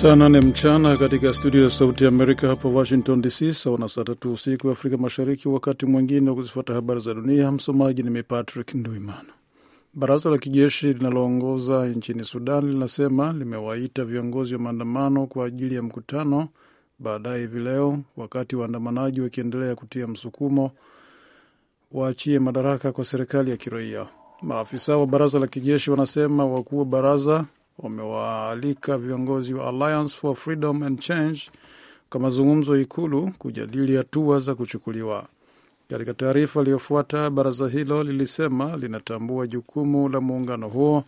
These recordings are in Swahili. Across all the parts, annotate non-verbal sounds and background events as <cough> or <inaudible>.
Saa nane mchana katika studio ya Sauti ya Amerika hapa Washington DC, sawa na saa tatu usiku wa Afrika Mashariki. Wakati mwingine wa kuzifuata habari za dunia, msomaji ni mimi Patrick Nduimana. Baraza la kijeshi linaloongoza nchini Sudan linasema limewaita viongozi wa maandamano kwa ajili ya mkutano baadaye hivi leo, wakati waandamanaji wakiendelea kutia msukumo waachie madaraka kwa serikali ya kiraia. Maafisa wa baraza la kijeshi wanasema wakuu wa baraza wamewaalika viongozi wa Alliance for Freedom and Change kwa mazungumzo Ikulu kujadili hatua za kuchukuliwa. Katika taarifa iliyofuata, baraza hilo lilisema linatambua jukumu la muungano huo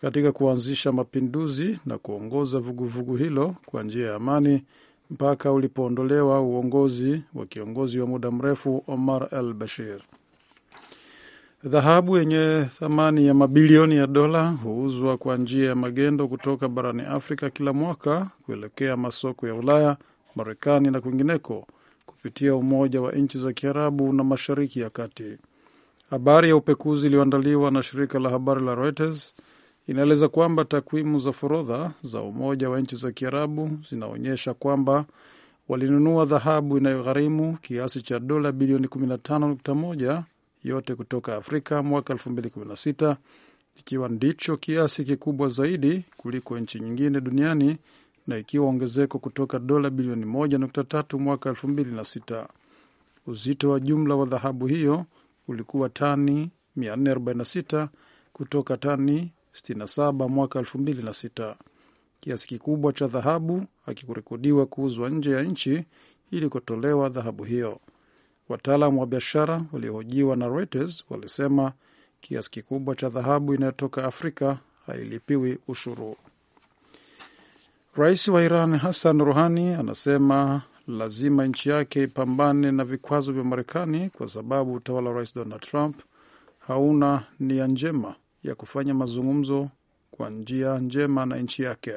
katika kuanzisha mapinduzi na kuongoza vuguvugu vugu hilo kwa njia ya amani mpaka ulipoondolewa uongozi wa kiongozi wa muda mrefu Omar al Bashir. Dhahabu yenye thamani ya mabilioni ya dola huuzwa kwa njia ya magendo kutoka barani Afrika kila mwaka kuelekea masoko ya Ulaya, Marekani na kwingineko kupitia Umoja wa Nchi za Kiarabu na Mashariki ya Kati. Habari ya upekuzi iliyoandaliwa na shirika la habari la Reuters inaeleza kwamba takwimu za forodha za Umoja wa Nchi za Kiarabu zinaonyesha kwamba walinunua dhahabu inayogharimu kiasi cha dola bilioni 15.1 yote kutoka Afrika mwaka 2016 ikiwa ndicho kiasi kikubwa zaidi kuliko nchi nyingine duniani na ikiwa ongezeko kutoka dola bilioni 1.3 mwaka 2006. Uzito wa jumla wa dhahabu hiyo ulikuwa tani 446 kutoka tani 67 mwaka 2006. Kiasi kikubwa cha dhahabu hakikurekodiwa kuuzwa nje ya nchi ilikotolewa dhahabu hiyo wataalam wa biashara waliohojiwa na Reuters walisema kiasi kikubwa cha dhahabu inayotoka Afrika hailipiwi ushuru. Rais wa Iran Hassan Rouhani anasema lazima nchi yake ipambane na vikwazo vya Marekani kwa sababu utawala wa Rais Donald Trump hauna nia njema ya kufanya mazungumzo kwa njia njema na nchi yake.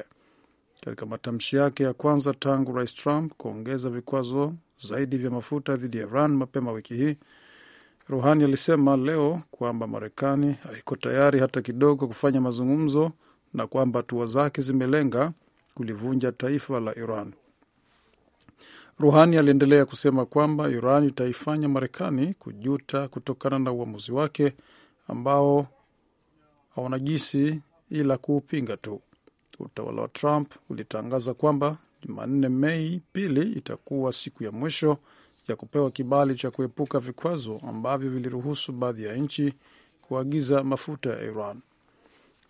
Katika matamshi yake ya kwanza tangu Rais Trump kuongeza vikwazo zaidi vya mafuta dhidi ya Iran mapema wiki hii. Ruhani alisema leo kwamba Marekani haiko tayari hata kidogo kufanya mazungumzo na kwamba hatua zake zimelenga kulivunja taifa la Iran. Ruhani aliendelea kusema kwamba Iran itaifanya Marekani kujuta kutokana na uamuzi wake ambao haunajisi ila kuupinga tu. Utawala wa Trump ulitangaza kwamba Jumanne Mei pili itakuwa siku ya mwisho ya kupewa kibali cha kuepuka vikwazo ambavyo viliruhusu baadhi ya nchi kuagiza mafuta ya Iran.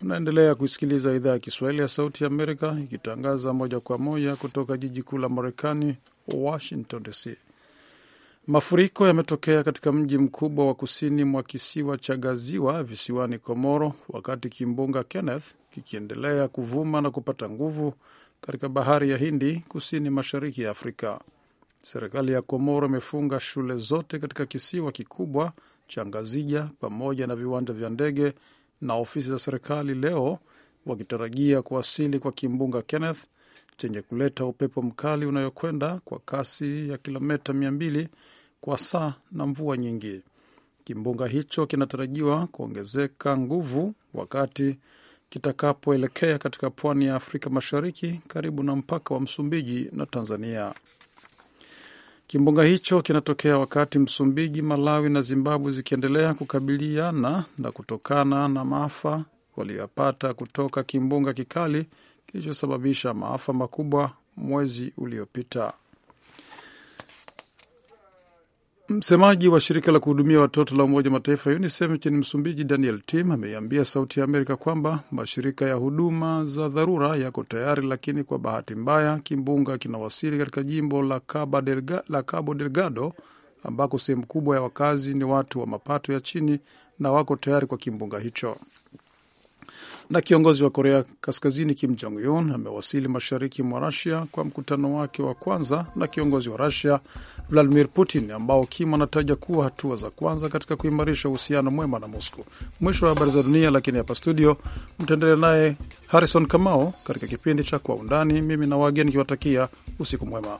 Unaendelea kusikiliza idhaa ya Kiswahili ya Sauti ya Amerika ikitangaza moja kwa moja kutoka jiji kuu la Marekani, Washington DC. Mafuriko yametokea katika mji mkubwa wa kusini mwa kisiwa cha Gaziwa visiwani Komoro, wakati kimbunga Kenneth kikiendelea kuvuma na kupata nguvu katika bahari ya Hindi, kusini mashariki ya Afrika. Serikali ya Komoro imefunga shule zote katika kisiwa kikubwa cha Ngazija pamoja na viwanja vya ndege na ofisi za serikali leo, wakitarajia kuwasili kwa kimbunga Kenneth chenye kuleta upepo mkali unayokwenda kwa kasi ya kilometa 200 kwa saa na mvua nyingi. Kimbunga hicho kinatarajiwa kuongezeka nguvu wakati kitakapoelekea katika pwani ya Afrika Mashariki karibu na mpaka wa Msumbiji na Tanzania. Kimbunga hicho kinatokea wakati Msumbiji, Malawi na Zimbabwe zikiendelea kukabiliana na kutokana na maafa waliyopata kutoka kimbunga kikali kilichosababisha maafa makubwa mwezi uliopita. Msemaji wa shirika la kuhudumia watoto la Umoja wa Mataifa UNICEF nchini Msumbiji, Daniel Tim, ameiambia Sauti ya Amerika kwamba mashirika ya huduma za dharura yako tayari, lakini kwa bahati mbaya kimbunga kinawasili katika jimbo la Cabo Delga, la Cabo Delgado ambako sehemu kubwa ya wakazi ni watu wa mapato ya chini na wako tayari kwa kimbunga hicho. Na kiongozi wa Korea Kaskazini Kim Jong Un amewasili mashariki mwa Rusia kwa mkutano wake wa kwanza na kiongozi wa Rusia Vladimir Putin, ambao Kim anataja kuwa hatua za kwanza katika kuimarisha uhusiano mwema na mosco Mwisho wa habari za dunia, lakini hapa studio mtaendelea naye Harrison Kamao katika kipindi cha Kwa Undani. Mimi na wageni kiwatakia usiku mwema.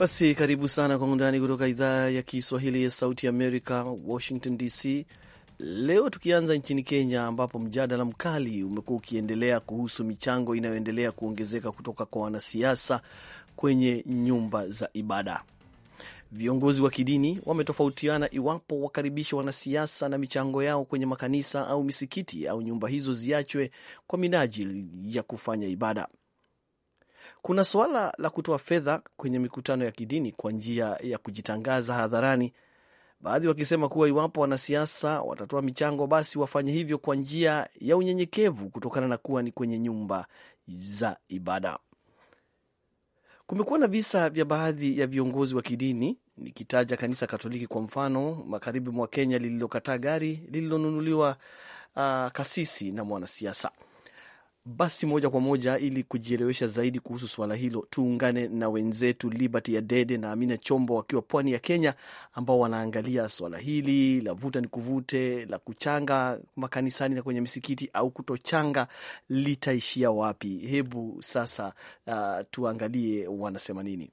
Basi karibu sana kwa undani kutoka idhaa ya Kiswahili ya Sauti Amerika, Washington DC. Leo tukianza nchini Kenya, ambapo mjadala mkali umekuwa ukiendelea kuhusu michango inayoendelea kuongezeka kutoka kwa wanasiasa kwenye nyumba za ibada. Viongozi wa kidini wametofautiana iwapo wakaribishe wanasiasa na michango yao kwenye makanisa au misikiti au nyumba hizo ziachwe kwa minajili ya kufanya ibada. Kuna suala la kutoa fedha kwenye mikutano ya kidini kwa njia ya kujitangaza hadharani, baadhi wakisema kuwa iwapo wanasiasa watatoa michango, basi wafanye hivyo kwa njia ya unyenyekevu kutokana na kuwa ni kwenye nyumba za ibada. Kumekuwa na visa vya baadhi ya viongozi wa kidini, nikitaja kanisa Katoliki kwa mfano, magharibi mwa Kenya, lililokataa gari lililonunuliwa uh, kasisi na mwanasiasa. Basi moja kwa moja, ili kujielewesha zaidi kuhusu suala hilo, tuungane na wenzetu Liberty Adede na Amina Chombo wakiwa pwani ya Kenya, ambao wanaangalia suala hili la vuta ni kuvute la kuchanga makanisani na kwenye misikiti au kutochanga litaishia wapi? Hebu sasa, uh, tuangalie wanasema nini.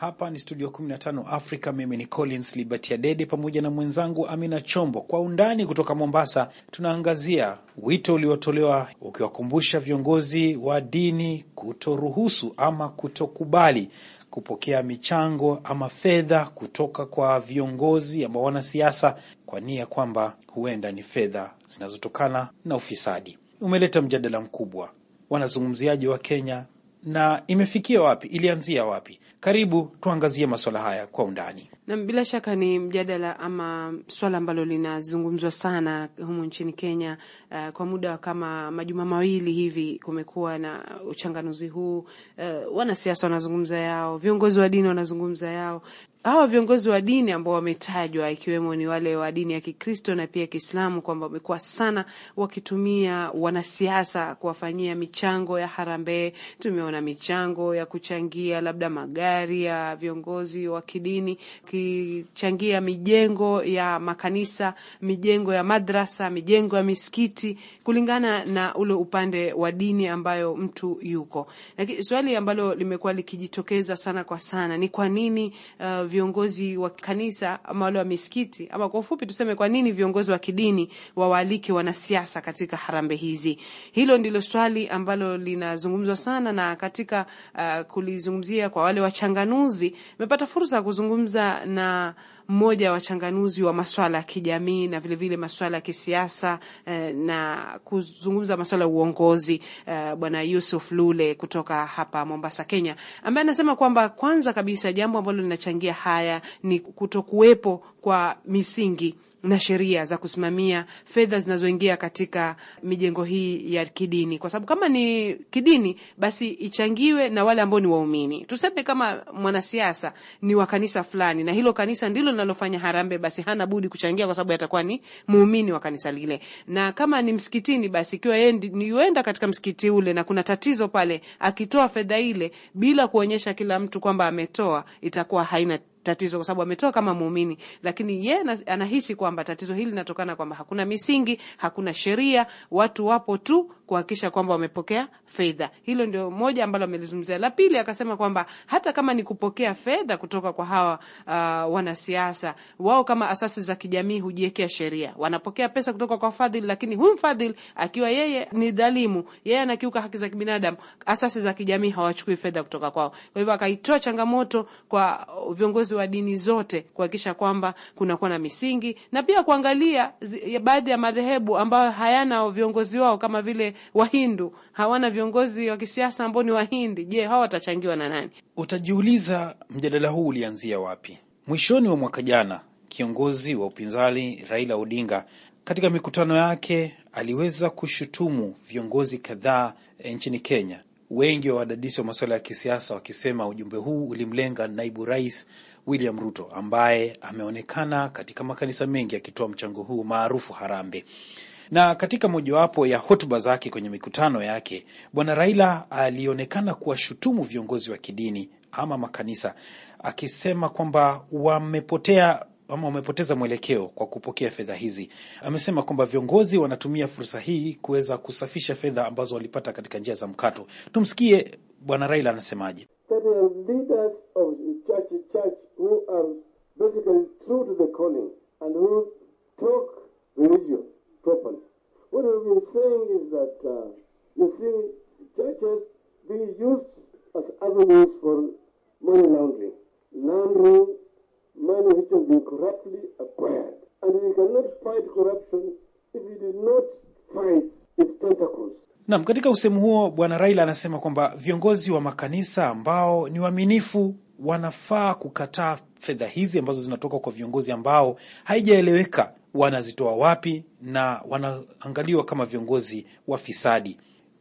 Hapa ni studio 15 Africa. Mimi ni Collins Liberty Adede pamoja na mwenzangu Amina Chombo. Kwa undani kutoka Mombasa, tunaangazia wito uliotolewa ukiwakumbusha viongozi wa dini kutoruhusu ama kutokubali kupokea michango ama fedha kutoka kwa viongozi ama wanasiasa kwa nia kwamba huenda ni fedha zinazotokana na ufisadi. Umeleta mjadala mkubwa, wanazungumziaji wa Kenya, na imefikia wapi? Ilianzia wapi? Karibu tuangazie masuala haya kwa undani. nam bila shaka ni mjadala ama swala ambalo linazungumzwa sana humu nchini Kenya. Uh, kwa muda wa kama majuma mawili hivi kumekuwa na uchanganuzi huu. Uh, wanasiasa wanazungumza yao, viongozi wa dini wanazungumza yao, hawa viongozi wa dini ambao wametajwa ikiwemo ni wale wa dini ya Kikristo na pia Kiislamu kwamba wamekuwa sana wakitumia wanasiasa kuwafanyia michango ya harambee. Tumeona michango ya kuchangia labda magari ya viongozi wa kidini, kichangia mijengo ya makanisa, mijengo ya madrasa, mijengo ya misikiti, kulingana na ule upande wa dini ambayo mtu yuko. Lakini swali ambalo limekuwa likijitokeza sana kwa sana ni kwa nini uh, viongozi wa kanisa ama wale wa misikiti ama kwa ufupi tuseme, kwa nini viongozi wa kidini wawaalike wanasiasa katika harambe hizi? Hilo ndilo swali ambalo linazungumzwa sana, na katika uh, kulizungumzia kwa wale wachanganuzi, nimepata fursa ya kuzungumza na mmoja wa wachanganuzi wa masuala ya kijamii na vilevile masuala ya kisiasa eh, na kuzungumza masuala ya uongozi eh, Bwana Yusuf Lule kutoka hapa Mombasa, Kenya, ambaye anasema kwamba kwanza kabisa jambo ambalo linachangia haya ni kutokuwepo kwa misingi na sheria za kusimamia fedha zinazoingia katika mijengo hii ya kidini, kwa sababu kama ni kidini, basi ichangiwe na wale ambao ni waumini. Tuseme kama mwanasiasa ni wa kanisa fulani na hilo kanisa ndilo linalofanya harambe, basi hana budi kuchangia, kwa sababu atakuwa ni muumini wa kanisa lile. Na kama ni msikitini, basi ikiwa yeye yuenda katika msikiti ule na kuna tatizo pale, akitoa fedha ile bila kuonyesha kila mtu kwamba ametoa, itakuwa haina tatizo kwa sababu ametoa kama muumini, lakini ye anahisi kwamba tatizo hili linatokana kwamba hakuna misingi, hakuna sheria, watu wapo tu kuhakikisha kwamba wamepokea fedha. Hilo ndio moja ambalo amelizungumzia. La pili akasema kwamba hata kama ni kupokea fedha kutoka kwa hawa uh, wanasiasa, wao kama asasi za kijamii hujiwekea sheria, wanapokea pesa kutoka kwa fadhili, lakini huyu mfadhili akiwa yeye ni dhalimu, yeye anakiuka haki za kibinadamu, asasi za kijamii hawachukui fedha kutoka kwao. Kwa hivyo akaitoa changamoto kwa viongozi wa dini zote kuhakikisha kwamba kunakuwa na misingi na pia kuangalia baadhi ya madhehebu ambayo hayana viongozi wao kama vile Wahindu hawana viongozi wa kisiasa ambao ni Wahindi. Je, hawa watachangiwa na nani? Utajiuliza, mjadala huu ulianzia wapi? Mwishoni wa mwaka jana, kiongozi wa upinzani Raila Odinga katika mikutano yake aliweza kushutumu viongozi kadhaa eh, nchini Kenya, wengi wa wadadisi wa masuala ya kisiasa wakisema ujumbe huu ulimlenga naibu rais William Ruto ambaye ameonekana katika makanisa mengi akitoa mchango huu maarufu harambe. Na katika mojawapo ya hotuba zake kwenye mikutano yake, Bwana Raila alionekana kuwashutumu viongozi wa kidini ama makanisa, akisema kwamba wamepotea ama wamepoteza mwelekeo kwa kupokea fedha hizi. Amesema kwamba viongozi wanatumia fursa hii kuweza kusafisha fedha ambazo walipata katika njia za mkato. Tumsikie Bwana Raila anasemaje. religion properly. What we've been saying is that, uh, you see, churches being used as avenues for money laundering, laundering money which has been corruptly acquired. And we cannot fight corruption if we do not fight its tentacles. Naam, katika usemu huo Bwana Raila anasema kwamba viongozi wa makanisa ambao ni waaminifu wanafaa kukataa fedha hizi ambazo zinatoka kwa viongozi ambao haijaeleweka wanazitoa wapi na wanaangaliwa kama viongozi wa fisadi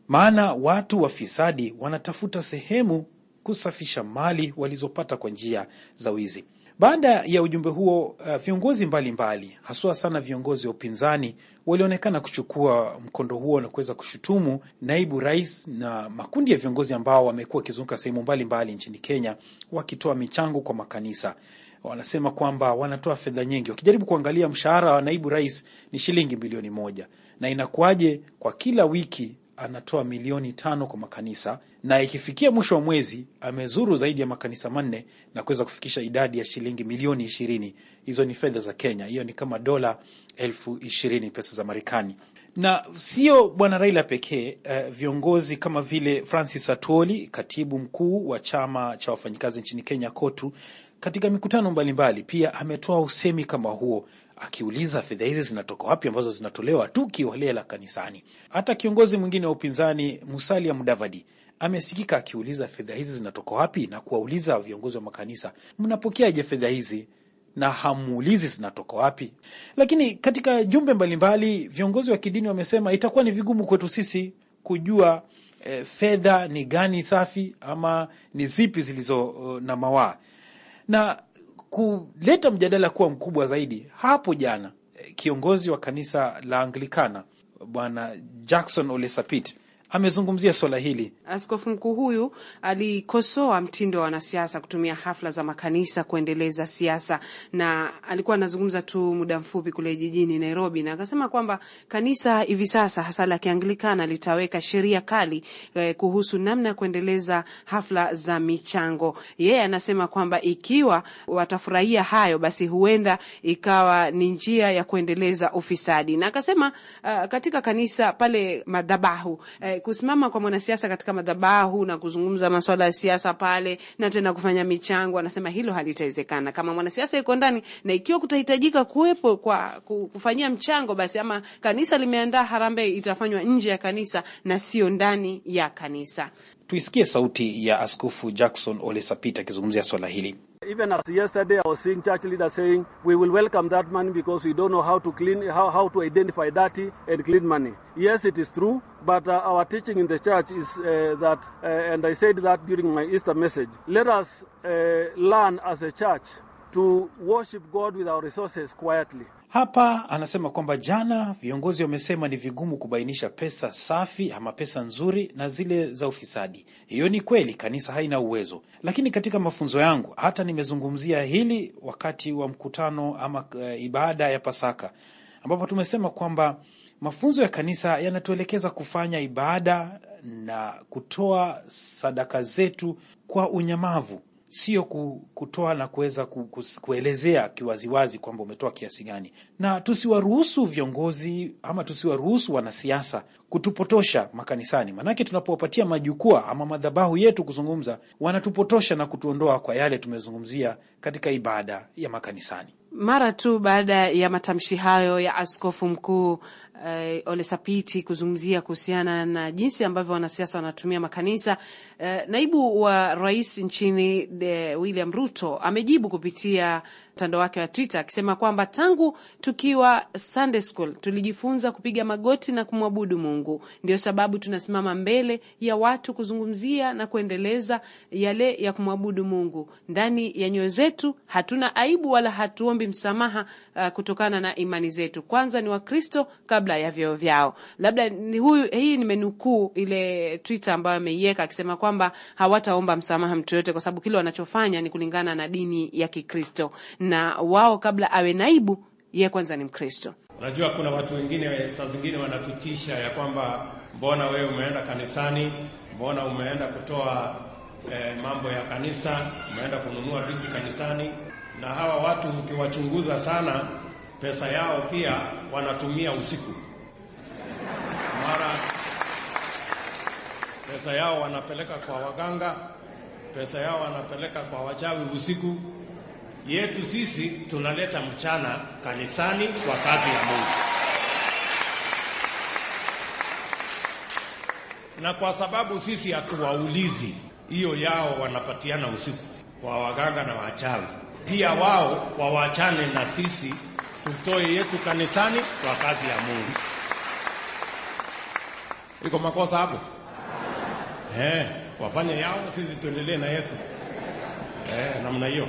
Maana watu wa fisadi wanatafuta sehemu kusafisha mali walizopata kwa njia za wizi. Baada ya ujumbe huo, eh, viongozi mbalimbali haswa sana viongozi wa upinzani walionekana kuchukua mkondo huo na kuweza kushutumu naibu rais na makundi ya viongozi ambao wamekuwa wakizunguka sehemu mbalimbali nchini Kenya wakitoa michango kwa makanisa wanasema kwamba wanatoa fedha nyingi. Wakijaribu kuangalia mshahara wa naibu rais ni shilingi milioni moja, na inakuwaje kwa kila wiki anatoa milioni tano kwa makanisa, na ikifikia mwisho wa mwezi amezuru zaidi ya makanisa manne na kuweza kufikisha idadi ya shilingi milioni ishirini. Hizo ni fedha za Kenya, hiyo ni kama dola elfu ishirini pesa za Marekani. Na sio bwana Raila pekee. Uh, viongozi kama vile Francis Atwoli, katibu mkuu wa chama cha wafanyikazi nchini Kenya, KOTU, katika mikutano mbalimbali. Pia ametoa usemi kama huo akiuliza fedha hizi zinatoka wapi ambazo zinatolewa tu kiholela kanisani. Hata kiongozi mwingine wa upinzani Musalia Mudavadi amesikika akiuliza fedha hizi zinatoka wapi na kuwauliza viongozi wa makanisa, mnapokeaje fedha hizi na hamuulizi zinatoka wapi? Lakini katika jumbe mbalimbali viongozi wa kidini wamesema itakuwa ni vigumu kwetu sisi kujua e, fedha ni gani safi ama ni zipi zilizo uh, na mawaa na kuleta mjadala kuwa mkubwa zaidi. Hapo jana eh, kiongozi wa kanisa la Anglikana Bwana Jackson olesapit amezungumzia swala hili. Askofu mkuu huyu alikosoa mtindo wa wanasiasa kutumia hafla za makanisa kuendeleza siasa, na alikuwa anazungumza tu muda mfupi kule jijini Nairobi, na akasema kwamba kanisa hivi sasa hasa la Kianglikana litaweka sheria kali eh, kuhusu namna ya kuendeleza hafla za michango. Yeye yeah, anasema kwamba ikiwa watafurahia hayo, basi huenda ikawa ni njia ya kuendeleza ufisadi, na akasema uh, katika kanisa pale madhabahu eh, Eh, kusimama kwa mwanasiasa katika madhabahu na kuzungumza masuala ya siasa pale na tena kufanya michango, anasema hilo halitawezekana kama mwanasiasa yuko ndani, na ikiwa kutahitajika kuwepo kwa kufanyia mchango, basi ama kanisa limeandaa harambee, itafanywa nje ya kanisa na sio ndani ya kanisa. Tuisikie sauti ya Askofu Jackson Olesapita akizungumzia swala hili. Even as yesterday, I was seeing church leaders saying, we will welcome that money because we don't know how to clean, how, how to identify dirty and clean money. Yes, it is true, but uh, our teaching in the church is uh, that, uh, and I said that during my Easter message, let us uh, learn as a church to worship God with our resources quietly. Hapa anasema kwamba jana viongozi wamesema ni vigumu kubainisha pesa safi ama pesa nzuri na zile za ufisadi. Hiyo ni kweli, kanisa haina uwezo, lakini katika mafunzo yangu hata nimezungumzia hili wakati wa mkutano ama uh, ibada ya Pasaka ambapo tumesema kwamba mafunzo ya kanisa yanatuelekeza kufanya ibada na kutoa sadaka zetu kwa unyamavu sio kutoa na kuweza kuelezea kiwaziwazi kwamba umetoa kiasi gani, na tusiwaruhusu viongozi ama tusiwaruhusu wanasiasa kutupotosha makanisani, manake tunapowapatia majukwaa ama madhabahu yetu kuzungumza, wanatupotosha na kutuondoa kwa yale tumezungumzia katika ibada ya makanisani. Mara tu baada ya matamshi hayo ya askofu mkuu uh, Ole Sapiti kuzungumzia kuhusiana na jinsi ambavyo wanasiasa wanatumia makanisa. Uh, naibu wa rais nchini de eh, William Ruto amejibu kupitia mtandao wake wa Twitter akisema kwamba tangu tukiwa Sunday school tulijifunza kupiga magoti na kumwabudu Mungu, ndio sababu tunasimama mbele ya watu kuzungumzia na kuendeleza yale ya kumwabudu Mungu ndani ya nyoyo zetu. Hatuna aibu wala hatuombi msamaha uh, kutokana na imani zetu. Kwanza ni Wakristo kabla kabla ya vyeo vyao. Labda ni huyu, hii nimenukuu ile Twitter ambayo ameiweka akisema kwamba hawataomba msamaha mtu yote, kwa sababu kile wanachofanya ni kulingana na dini ya Kikristo, na wao kabla awe naibu, yeye kwanza ni Mkristo. Unajua, kuna watu wengine saa zingine wanatutisha ya kwamba mbona wewe umeenda kanisani, mbona umeenda kutoa eh, mambo ya kanisa, umeenda kununua vitu kanisani. Na hawa watu ukiwachunguza sana pesa yao pia wanatumia usiku. Mara pesa yao wanapeleka kwa waganga, pesa yao wanapeleka kwa wachawi usiku. Yetu sisi tunaleta mchana kanisani kwa kazi ya Mungu. na kwa sababu sisi hatuwaulizi, hiyo yao wanapatiana usiku kwa waganga na wachawi. Pia wao wawachane na sisi tutoe yetu kanisani kwa kazi ya Mungu. Iko makosa hapo? Eh, wafanye yao, sisi tuendelee na yetu. Eh, namna hiyo.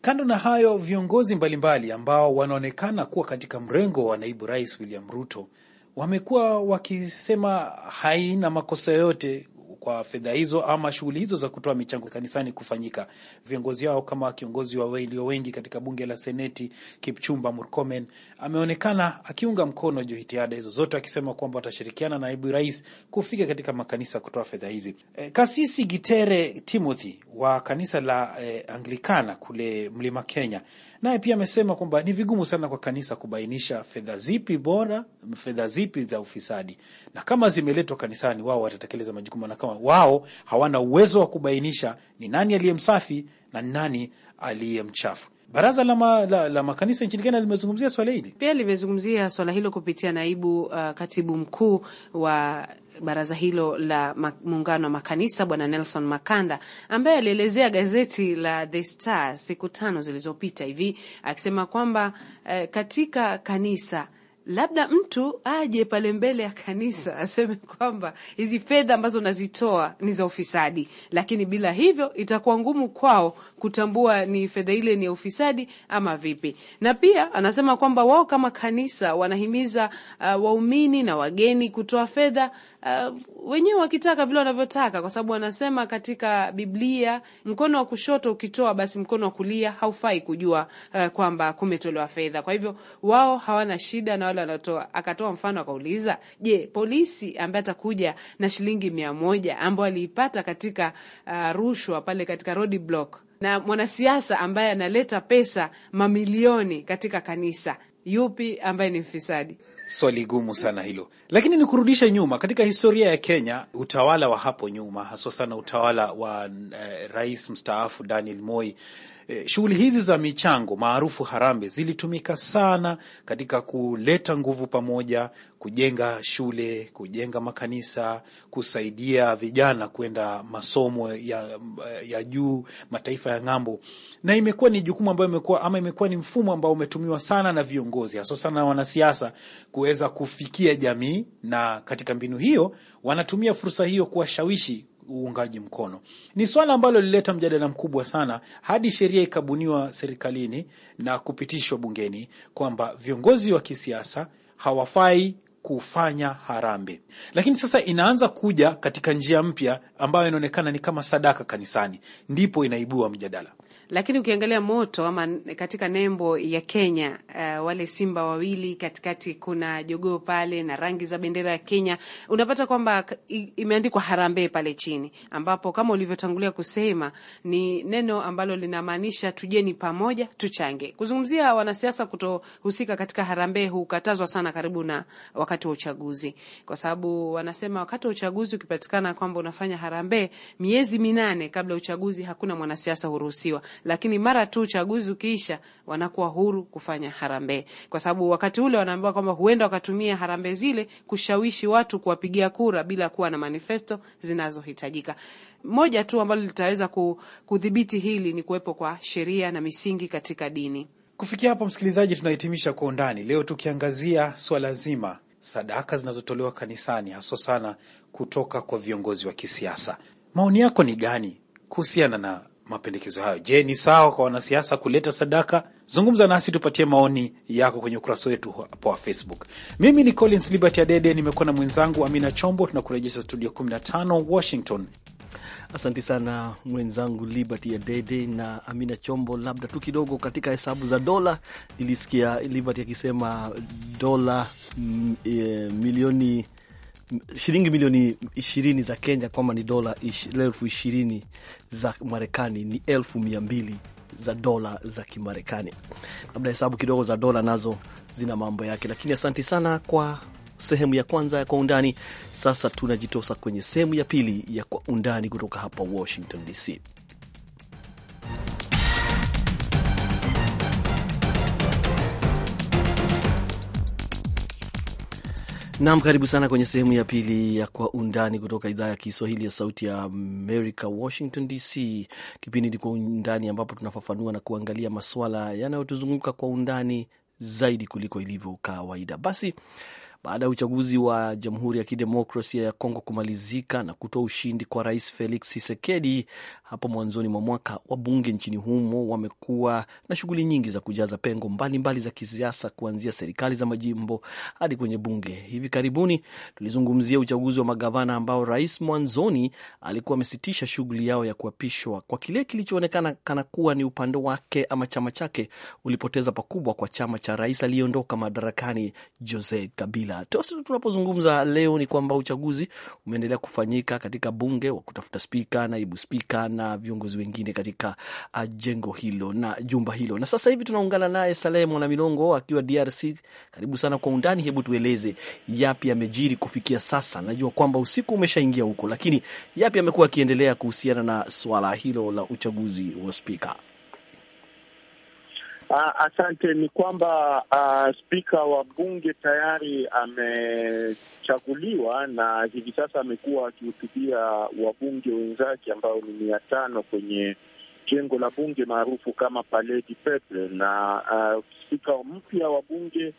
Kando na hayo, viongozi mbalimbali ambao wanaonekana kuwa katika mrengo wa naibu rais William Ruto wamekuwa wakisema haina makosa yoyote kwa fedha hizo ama shughuli hizo za kutoa michango kanisani kufanyika. Viongozi wao kama kiongozi wa walio wengi katika bunge la Seneti Kipchumba Murkomen ameonekana akiunga mkono jitihada hizo zote, akisema kwamba watashirikiana na naibu rais kufika katika makanisa kutoa fedha hizi. E, Kasisi Gitere Timothy wa kanisa la e, Anglikana kule Mlima Kenya naye pia amesema kwamba ni vigumu sana kwa kanisa kubainisha fedha zipi bora, fedha zipi za ufisadi, na kama zimeletwa kanisani wao watatekeleza majukumu na kama wao hawana uwezo wa kubainisha ni nani aliye msafi na ni nani aliye mchafu. Baraza la, ma, la, la makanisa nchini Kenya limezungumzia swala hili, pia limezungumzia swala hilo kupitia naibu uh, katibu mkuu wa baraza hilo la muungano wa makanisa Bwana Nelson Makanda, ambaye alielezea gazeti la The Star siku tano zilizopita hivi akisema kwamba uh, katika kanisa labda mtu aje pale mbele ya kanisa <laughs> aseme kwamba hizi fedha ambazo nazitoa ni za ufisadi, lakini bila hivyo itakuwa ngumu kwao kutambua ni fedha ile ni ya ufisadi ama vipi. Na pia anasema kwamba wao kama kanisa wanahimiza uh, waumini na wageni kutoa fedha uh, wenyewe wakitaka vile wanavyotaka, kwa sababu wanasema katika Biblia mkono wa kushoto ukitoa, basi mkono wa kulia haufai kujua uh, kwamba kumetolewa fedha. Kwa hivyo wao hawana shida na pale anatoa akatoa mfano akauliza, je, polisi ambaye atakuja na shilingi mia moja ambayo aliipata katika uh, rushwa pale katika road block na mwanasiasa ambaye analeta pesa mamilioni katika kanisa yupi ambaye ni mfisadi? Swali gumu sana hilo, lakini ni kurudisha nyuma katika historia ya Kenya. Utawala wa hapo nyuma, haswa sana utawala wa uh, rais mstaafu Daniel Moi E, shughuli hizi za michango maarufu harambee zilitumika sana katika kuleta nguvu pamoja, kujenga shule, kujenga makanisa, kusaidia vijana kwenda masomo ya, ya juu mataifa ya ng'ambo, na imekuwa ni jukumu ambayo imekuwa ama imekuwa ni mfumo ambao umetumiwa sana na viongozi hasa sana wanasiasa kuweza kufikia jamii, na katika mbinu hiyo wanatumia fursa hiyo kuwashawishi uungaji mkono. Ni swala ambalo lilileta mjadala mkubwa sana hadi sheria ikabuniwa serikalini na kupitishwa bungeni kwamba viongozi wa kisiasa hawafai kufanya harambe Lakini sasa inaanza kuja katika njia mpya ambayo inaonekana ni kama sadaka kanisani, ndipo inaibua mjadala. Lakini ukiangalia moto ama katika nembo ya Kenya, uh, wale simba wawili katikati, kuna jogoo pale na rangi za bendera ya Kenya, unapata kwamba imeandikwa harambee pale chini, ambapo kama ulivyotangulia kusema ni neno ambalo linamaanisha tujeni pamoja, tuchange. Kuzungumzia wanasiasa kutohusika katika harambee hukatazwa sana karibu na wakati wa uchaguzi, kwa sababu wanasema wakati wa uchaguzi ukipatikana kwamba unafanya harambee miezi minane kabla uchaguzi, hakuna mwanasiasa huruhusiwa lakini mara tu uchaguzi ukiisha, wanakuwa huru kufanya harambee, kwa sababu wakati ule wanaambiwa kwamba huenda wakatumia harambee zile kushawishi watu kuwapigia kura bila kuwa na manifesto zinazohitajika. Moja tu ambalo litaweza kudhibiti hili ni kuwepo kwa sheria na misingi katika dini. Kufikia hapo, msikilizaji, tunahitimisha kwa undani leo tukiangazia swala zima sadaka zinazotolewa kanisani, haswa sana kutoka kwa viongozi wa kisiasa. Maoni yako ni gani kuhusiana na mapendekezo hayo. Je, ni sawa kwa wanasiasa kuleta sadaka? Zungumza nasi tupatie maoni yako kwenye ukurasa wetu hapo wa Facebook. Mimi ni Collins Liberty Adede, nimekuwa na mwenzangu Amina Chombo. Tunakurejesha studio 15 Washington. asanti sana mwenzangu Liberty Adede na Amina Chombo. Labda tu kidogo katika hesabu za dola, nilisikia Liberty akisema dola mm, e, milioni shilingi milioni ishirini za Kenya, kwamba ni dola elfu ishirini za Marekani ni elfu mia mbili za dola za Kimarekani. Labda hesabu kidogo za dola nazo zina mambo yake, lakini asanti sana kwa sehemu ya kwanza ya Kwa Undani. Sasa tunajitosa kwenye sehemu ya pili ya Kwa Undani kutoka hapa Washington DC. Nam, karibu sana kwenye sehemu ya pili ya Kwa Undani kutoka idhaa ya Kiswahili ya Sauti ya Amerika, Washington DC. Kipindi ni Kwa Undani, ambapo tunafafanua na kuangalia masuala yanayotuzunguka kwa undani zaidi kuliko ilivyo kawaida. Basi baada ya uchaguzi wa Jamhuri ya Kidemokrasia ya Kongo kumalizika na kutoa ushindi kwa Rais Felix Tshisekedi hapo mwanzoni mwa mwaka, wabunge nchini humo wamekuwa na shughuli nyingi za kujaza pengo mbalimbali mbali za kisiasa, kuanzia serikali za majimbo hadi kwenye bunge. Hivi karibuni tulizungumzia uchaguzi wa magavana ambao rais mwanzoni alikuwa amesitisha shughuli yao ya kuapishwa kwa kile kilichoonekana kana kuwa ni upande wake ama chama chake ulipoteza pakubwa kwa chama cha rais aliyeondoka madarakani Jose Kabila na tosi, tunapozungumza leo ni kwamba uchaguzi umeendelea kufanyika katika bunge wa kutafuta spika, naibu spika na viongozi wengine katika ah, jengo hilo na jumba hilo, na sasa hivi tunaungana naye Saleh Mwanamilongo akiwa DRC. Karibu sana kwa undani, hebu tueleze yapi yamejiri kufikia sasa. Najua kwamba usiku umeshaingia huko, lakini yapi yamekuwa yakiendelea kuhusiana na swala hilo la uchaguzi wa spika? Uh, asante. Ni kwamba uh, spika wa bunge tayari amechaguliwa na hivi sasa amekuwa akihutubia wabunge wenzake ambao ni mia tano kwenye jengo la bunge maarufu kama Palais du Peuple, na uh, spika mpya wa bunge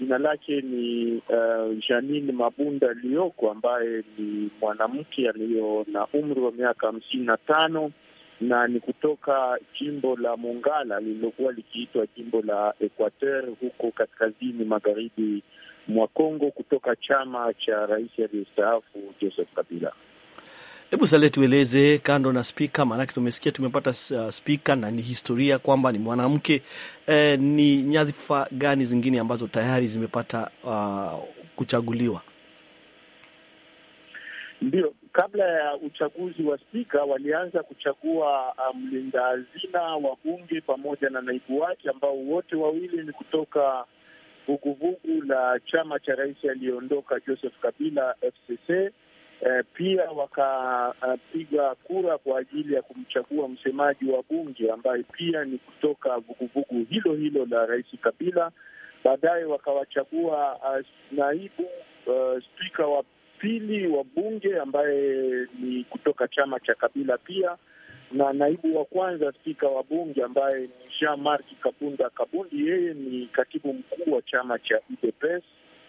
jina lake ni uh, Janine Mabunda Lioko ambaye ni mwanamke aliyo na umri wa miaka hamsini na tano na ni kutoka jimbo la Mongala lililokuwa likiitwa jimbo la Equateur huko kaskazini magharibi mwa congo kutoka chama cha rais aliyestaafu Joseph Kabila. Hebu Sale, tueleze kando na spika, maanake tumesikia tumepata uh, spika na ni historia kwamba ni mwanamke eh, ni nyadhifa gani zingine ambazo tayari zimepata uh, kuchaguliwa? Ndio, kabla ya uchaguzi wa spika walianza kuchagua ah, mlinda azina hazina wa bunge pamoja na naibu wake ambao wote wawili ni kutoka vuguvugu la chama cha rais aliyeondoka Joseph Kabila FCC. E, eh, pia wakapiga kura kwa ajili ya kumchagua msemaji wa bunge ambaye pia ni kutoka vuguvugu hilo hilo la rais Kabila. Baadaye wakawachagua uh, naibu uh, spika wa pili wa bunge ambaye ni kutoka chama cha Kabila pia na naibu wa kwanza spika wa bunge ambaye ni Jean Marc Kabunda Kabundi, yeye ni katibu mkuu wa chama cha UDPS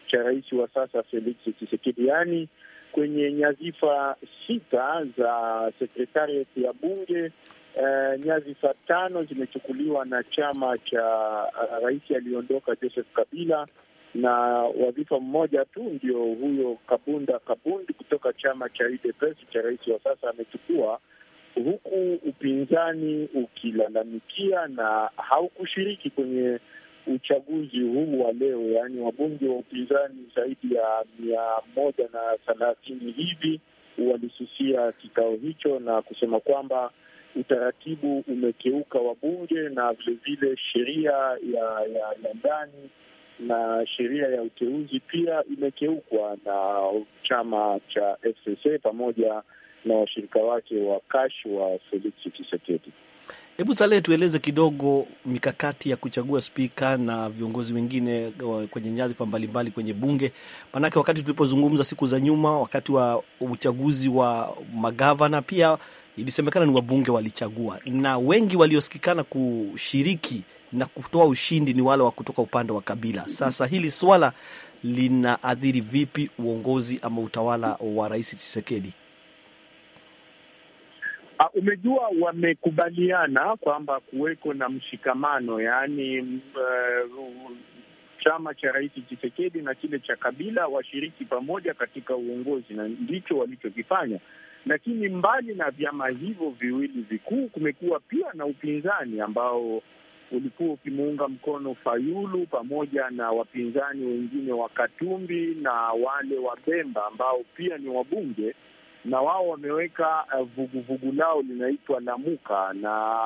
cha rais wa sasa Felix Tshisekedi. Yaani kwenye nyadhifa sita za sekretariat ya bunge Uh, nyadhifa tano zimechukuliwa na chama cha eh, rais aliyoondoka Joseph Kabila na wadhifa mmoja tu ndio huyo Kabunda Kabundi kutoka chama cha UDPS cha rais wa sasa amechukua, huku upinzani ukilalamikia na haukushiriki kwenye uchaguzi huu wa leo. Yaani wabunge wa upinzani zaidi ya mia moja na thelathini hivi walisusia kikao hicho na kusema kwamba utaratibu umekeuka wabunge na vilevile sheria ya ya ndani na sheria ya uteuzi pia imekeukwa na chama cha FCC pamoja na washirika wake wa kash wa Felix Tshisekedi. Hebu Salehe, tueleze kidogo mikakati ya kuchagua spika na viongozi wengine kwenye nyadhifa mbalimbali kwenye bunge. Maanake wakati tulipozungumza siku za nyuma, wakati wa uchaguzi wa magavana, pia ilisemekana ni wabunge walichagua, na wengi waliosikikana kushiriki na kutoa ushindi ni wale wa kutoka upande wa Kabila. Sasa hili swala linaathiri vipi uongozi ama utawala wa Rais Tshisekedi? Uh, umejua wamekubaliana kwamba kuweko na mshikamano, yaani uh, chama cha Rais Tshisekedi na kile cha Kabila washiriki pamoja katika uongozi, na ndicho walichokifanya. Lakini mbali na vyama hivyo viwili vikuu, kumekuwa pia na upinzani ambao ulikuwa ukimuunga mkono Fayulu pamoja na wapinzani wengine wa Katumbi na wale wa Bemba ambao pia ni wabunge, na wao wameweka eh, vuguvugu uh, lao linaitwa Lamuka, na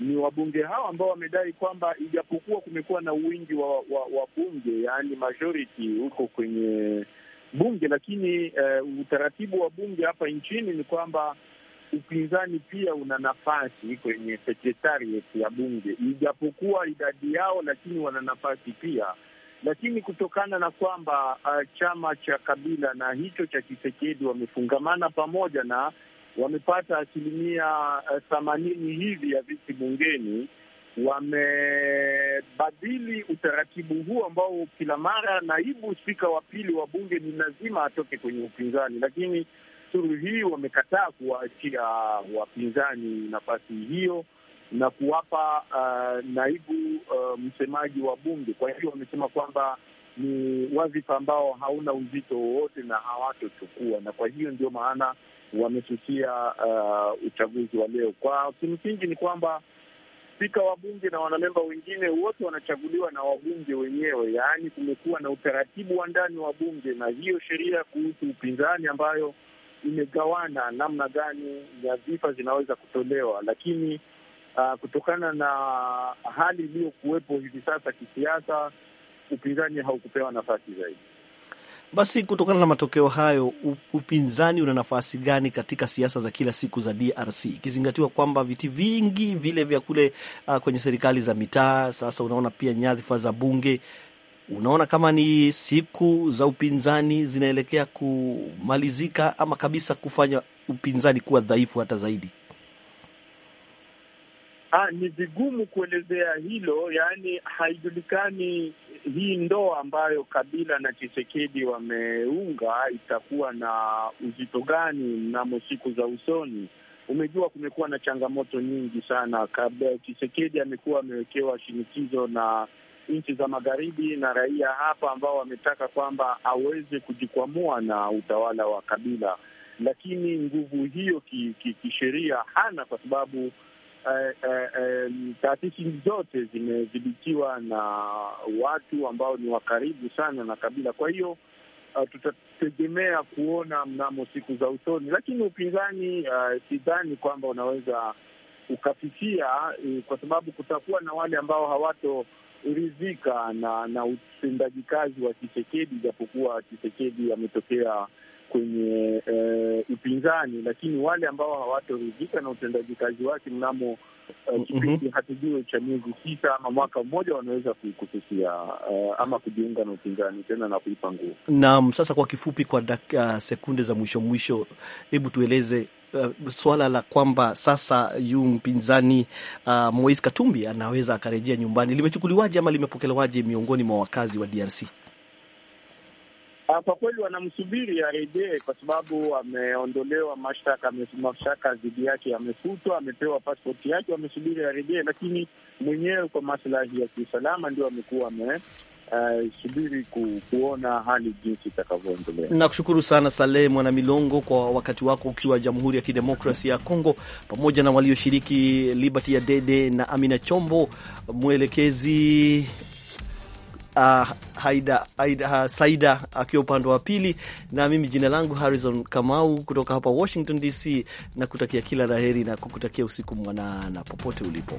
ni wabunge hao ambao wamedai kwamba ijapokuwa kumekuwa na wingi wa wabunge wa yaani majority huko kwenye bunge, lakini uh, utaratibu wa bunge hapa nchini ni kwamba upinzani pia una nafasi kwenye sekretarieti ya bunge, ijapokuwa idadi yao, lakini wana nafasi pia. Lakini kutokana na kwamba uh, chama cha Kabila na hicho cha Kisekedi wamefungamana pamoja na wamepata asilimia eh, themanini uh, hivi ya viti bungeni, wame pili, utaratibu huu ambao kila mara naibu spika wa pili wa bunge ni lazima atoke kwenye upinzani, lakini suru hii wamekataa kuwaachia wapinzani nafasi hiyo na kuwapa uh, naibu uh, msemaji wa bunge. Kwa hiyo wamesema kwamba ni wadhifa ambao hauna uzito wowote na hawatochukua, na kwa hiyo ndio maana wamesusia uh, uchaguzi wa leo. Kwa kimsingi ni kwamba spika wa bunge na wanamemba wengine wote wanachaguliwa na wabunge wenyewe. Yaani kumekuwa na utaratibu wa ndani wa bunge, na hiyo sheria kuhusu upinzani ambayo imegawana namna gani nyadhifa zinaweza kutolewa, lakini uh, kutokana na hali iliyokuwepo hivi sasa kisiasa, upinzani haukupewa nafasi zaidi. Basi kutokana na matokeo hayo, upinzani una nafasi gani katika siasa za kila siku za DRC, ikizingatiwa kwamba viti vingi vile vya kule uh, kwenye serikali za mitaa, sasa unaona pia nyadhifa za bunge. Unaona kama ni siku za upinzani zinaelekea kumalizika ama kabisa kufanya upinzani kuwa dhaifu hata zaidi? Ah, ni vigumu kuelezea hilo, yaani haijulikani hii ndoa ambayo Kabila na Chisekedi wameunga itakuwa na uzito gani mnamo siku za usoni. Umejua, kumekuwa na changamoto nyingi sana. Chisekedi amekuwa amewekewa shinikizo na nchi za magharibi na raia hapa ambao wametaka kwamba aweze kujikwamua na utawala wa Kabila, lakini nguvu hiyo kisheria ki, ki hana kwa sababu eh, eh taasisi zote zimedhibitiwa na watu ambao ni wakaribu sana na Kabila. Kwa hiyo uh, tutategemea kuona mnamo siku za usoni, lakini upinzani eh, sidhani kwamba unaweza ukafikia uh, kwa sababu kutakuwa na wale ambao hawato rizika na na utendaji kazi wa Chisekedi, japokuwa Chisekedi ametokea kwenye uh, upinzani, lakini wale ambao hawatoridhika na utendaji kazi wake mnamo Uh, kipindi hatujue cha miezi sita ama mwaka mmoja, wanaweza kuikususia uh, ama kujiunga na upinzani tena na kuipa nguvu. Naam, sasa kwa kifupi, kwa dakika uh, sekunde za mwisho mwisho, hebu tueleze uh, swala la kwamba sasa yu mpinzani uh, Moise Katumbi anaweza akarejea nyumbani limechukuliwaje ama limepokelewaje miongoni mwa wakazi wa DRC? Ah, kwa kweli wanamsubiri arejee, kwa sababu ameondolewa mashtaka, mashtaka dhidi yake yamefutwa, amepewa paspoti yake, wamesubiri arejee, lakini mwenyewe kwa maslahi ya kiusalama ndio amekuwa ame eh, subiri kuona hali jinsi itakavyoendelea. Nakushukuru sana Saleh Mwana Milongo kwa wakati wako ukiwa Jamhuri ya Kidemokrasia ya Kongo, pamoja na walioshiriki Liberty ya Dede na Amina Chombo, mwelekezi uh, haida, haida, uh, Saida akiwa upande wa pili, na mimi jina langu Harrison Kamau kutoka hapa Washington DC, na kutakia kila laheri na kukutakia usiku mwanana popote ulipo.